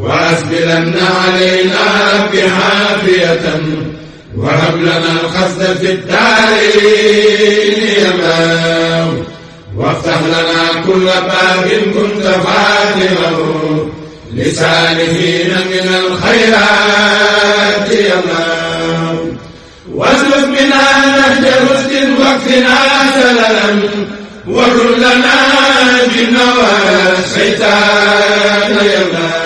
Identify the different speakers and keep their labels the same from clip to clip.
Speaker 1: وأسبلن علينا رب عافية وهب لنا القصد في الدارين يمام وافتح لنا كل باب كنت فاتحه لسانهين من الخيرات يمام واسلك بنا نهج رشد واكفنا سللا وكن لنا بالنوى الشيطان يمام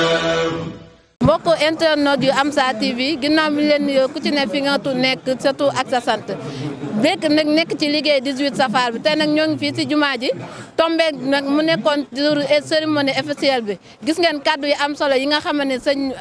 Speaker 2: mbokk internautes yu Amsa TV ginnaaw mi leen nuyoo ku ci ne fi nga tu nekk surtout ak sa sant békk nag nekk ci liggéey 18 safar bi tey nag ñoo ngi fii ci jumaa ji tombé nag mu nekkoon jour cérémonie officielle bi gis ngeen kàddu yi am solo yi nga xam ne sëñ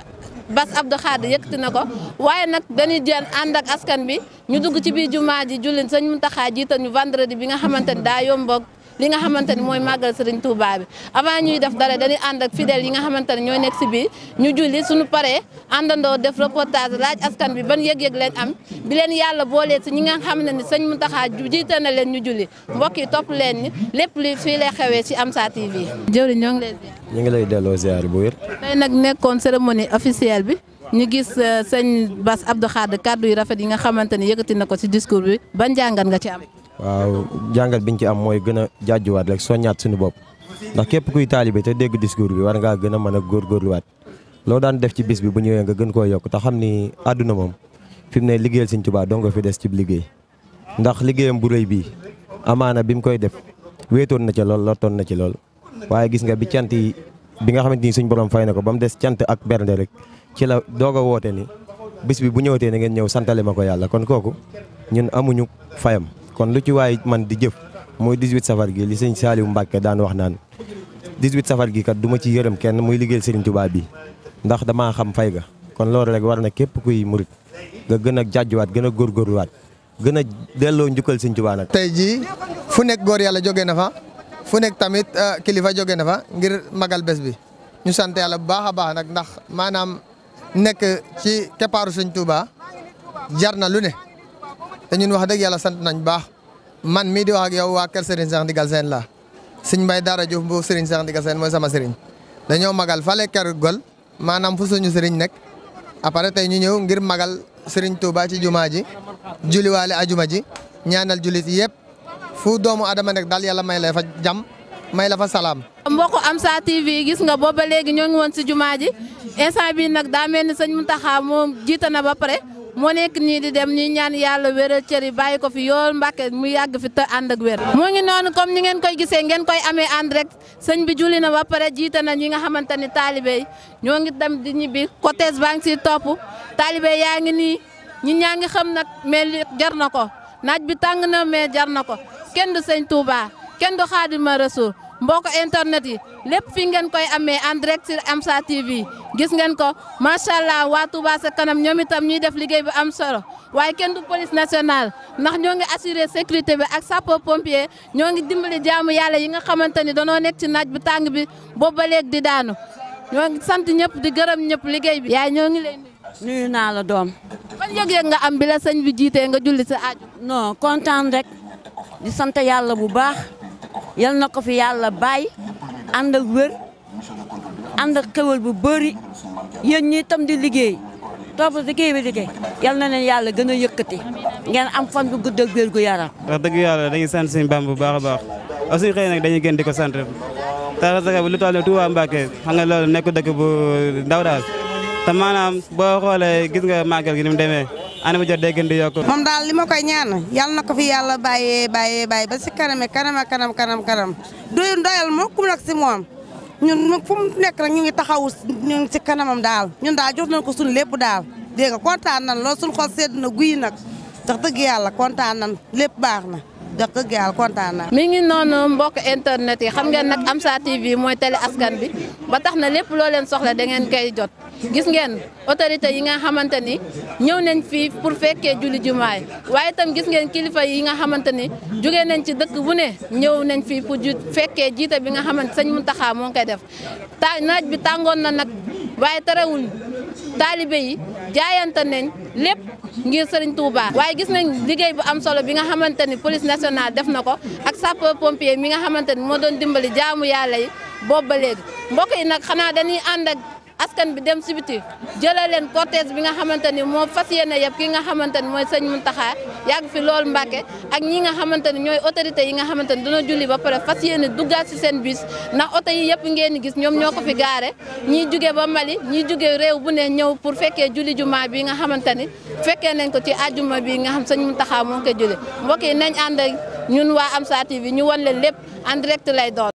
Speaker 2: Bass Abdou Khadre yëkkati na ko waaye nag dañuy jël ànd ak askan bi ñu dugg ci biir jumaa ji jullit sëñ Mountakha jiital ñu vendredi bi nga xamante ne daa yomboog li nga xamante ni mooy màggal Serigne Touba bi avant ñuy def dara dañuy ànd ak fidèles yi nga xamante ne ñooy nekk si biir ñu julli suñu pare àndandoo def reportage laaj askan bi ban yëg-yëg leen am bi leen yàlla boolee si ñi nga xam ne mu sëñ Mountakha jiite na leen ñu julli mbokk yi topp leen ni lépp li fii lay xewee si Amsa TV. jërëjëf ñoo ngi leen
Speaker 1: ñu ngi lay delloo ziar bu wér.
Speaker 2: tey nag nekkoon cérémonie officielle bi. ñu gis euh, sëñ Bass Abdou Khadre kàddu yu rafet yi nga xamante ni yëkkati na ko ci discours bi jàngat nga ci am.
Speaker 1: waaw jàngat biñ ci am mooy gën a jaajuwaat rek soññaat suñu bopp ndax képp kuy taalibe te dégg discours bi war ngaa gën a mën a góorgóorluwaat loo daan def ci bis bi bu ñëwee nga gën koo yokk te xam ni àdduna moom fi mu ne liggéeyal Sëñ Tuubaa dong nga fi des ci liggéey ndax liggéeyam bu rëy bii amaana bi mu koy def wéetoon na ci lool lottoon na ci lool waaye gis nga bi cant yi bi nga xamante ni suñ borom fay na ko ba mu des cant ak bernde rek ci la doog a woote ni bis bi bu ñëwatee na ngeen ñëw santale ma ko yàlla kon kooku ñun amuñu fayam kon lu ci waay man di jëf mooy 18 safar gi li sëñ Saliou Mbacke daan wax naan 18 safar gi kat duma ma ci yërëm kenn muy liggéeyal Serigne Touba bi ndax damaa xam fay ga kon loolu rek war na képp kuy murit nga gën a jàjjuwaat gën a góorgóorluwaat gën a delloo njukkal Serigne Touba nag. tey jii fu nekk góor yàlla jóge na fa fu nekk tamit euh, kilifa jóge na fa ngir magal bés bi ñu sant yàlla bu baax a baax nag ndax maanaam nekk ci keppaaru Serigne Touba jar na lu ne. te ñun wax dëgg yàlla sant nañ baax man mii di wax ak yow waa kër Serigne Cheikh Ndigal Sène la Serigne Mbaye a Diouf bu Serigne Cheikh Ndigal Sène mooy sama Serigne dañoo magal fale kër gol maanaam fu suñu Serigne nekk après tey ñu ñëw ngir magal Serigne Touba ci jumaa ji juliwaale ajuma ji ñaanal julit yëpp fu doomu adama nekk daal yàlla may la fa jàmm may la fa salaam.
Speaker 2: mbokk Amsa TV gis nga booba léegi ñoo ngi woon si jumaa ji instant nag daa mel ni sëñ Mountakha ba pare. moo nekk nii di dem ñuy ñaan yàlla wéral cër yi bàyyi ko fi yoon Mbàkke mu yàgg fi te ànd ak wér mu ngi noonu comme ni ngeen koy gisee ngeen koy amee ànd rek sëñ bi juli na ba pare jiite na ñi nga xamante ni taalibe ñoo ngi dem di ñibbi cortège baa ngi siy topp taalibe yaa ngi nii ñi ñaa ngi xam nag mais li jar na ko naaj bi tàng na mais jar na ko kenn du sëñ Touba kenn du Xaadima Rasuul ko internet yi lépp fii ngeen koy amee en direct sur Amsa TV gis ngeen ko macha waatu waa Touba sa kanam ñoom itam ñuy def liggéey bi am solo waaye kenn du police nationale ndax ñoo ngi assurer sécurité bi ak sapeur pompier ñoo ngi dimbali jaamu yàlla yi nga xamante ni danoo nekk ci naaj bu tàng bi boobu ba léegi di daanu ñoo ngi sant ñëpp di gërëm ñëpp liggéey bi. yaay ñoo ngi leen nuyu naa la doom. ban yëg-yëg nga am bi la sëñ bi jiitee nga julli sa aaju. non kontaan rek di sant yàlla bu baax. yal na ko fi yàlla bàyyi ànd ak wér ànd ak bu bëri yéen ñi tam di liggéey topp si kii bi di yal na leen yàlla gën a yëkkati ngeen am fan bu gudd ak wér yaram.
Speaker 1: wax dëgg yàlla dañuy sant suñu Bàmba bu baax a baax aussi xëy nag dañuy gën di ko sant tax sax lu toll nii waam Mbacké xam nga loolu nekk dëkk bu ndaw daal te maanaam boo xoolee gis nga màggal gi ni mu année bu jot day gën di yokku. moom
Speaker 2: daal li ma koy ñaan yàlla na ko fi yàlla bàyyee bàyyee bàyyi ba si kanam kanam kanam kanam kanam doyul doyal moo kum nag si moom ñun fu mu nekk rek ñu ngi taxaw ñu ngi si kanamam daal ñun daal jox nañ ko suñu lépp daal dégg nga kontaan nan lool suñu xol sedd na guy nag ndax dëgg yàlla kontaan nan lépp baax na. dëkk gaal kontaan naa. mi ngi noonu mbokk internet yi xam ngeen nag Amsa TV mooy télé askan bi ba tax na lépp loo leen soxla da ngeen koy jot. gis ngeen autorité yi nga xamante ni ñëw nañ fii pour fekkee julli jumaay waaye itam gis ngeen kilifa yi nga xamante ni jógee nañ ci dëkk bu ne ñëw nañ fii pour ju fekkee jiite bi nga xamante sëñ Muntaxa moo koy def ta naaj bi tàngoon na nag waaye terewul taalibe yi jaayante nañ lépp ngir Serigne Touba waaye gis nañ liggéey bu am solo bi nga xamante ni police nationale def na ko ak sapeur pompier mi nga xamante ni moo doon dimbali jaamu yàlla yi boobu askan bi dem si biti jëlee leen cortège bi nga xamante ni moo fas yéene yëpp ki nga xamante ni mooy sëñ Muntaxa yàgg fi loolu Mbàkke ak ñi nga xamante ni ñooy autorité yi nga xamante ni dina julli ba pare fas yéene duggaat si seen bis ndax oto yi yëpp ngeen di gis ñoom ñoo ko fi gaare ñiy jugee ba Mali ñi jugee réew bu ne ñëw pour fekkee julli jumaa bi nga xamante ni fekkee nañ ko ci àjjuma bi nga xam sëñ Muntaxa moo koy julli mbokk nañ ànd ñun waa Amsa TV ñu wan leen lépp en lay doon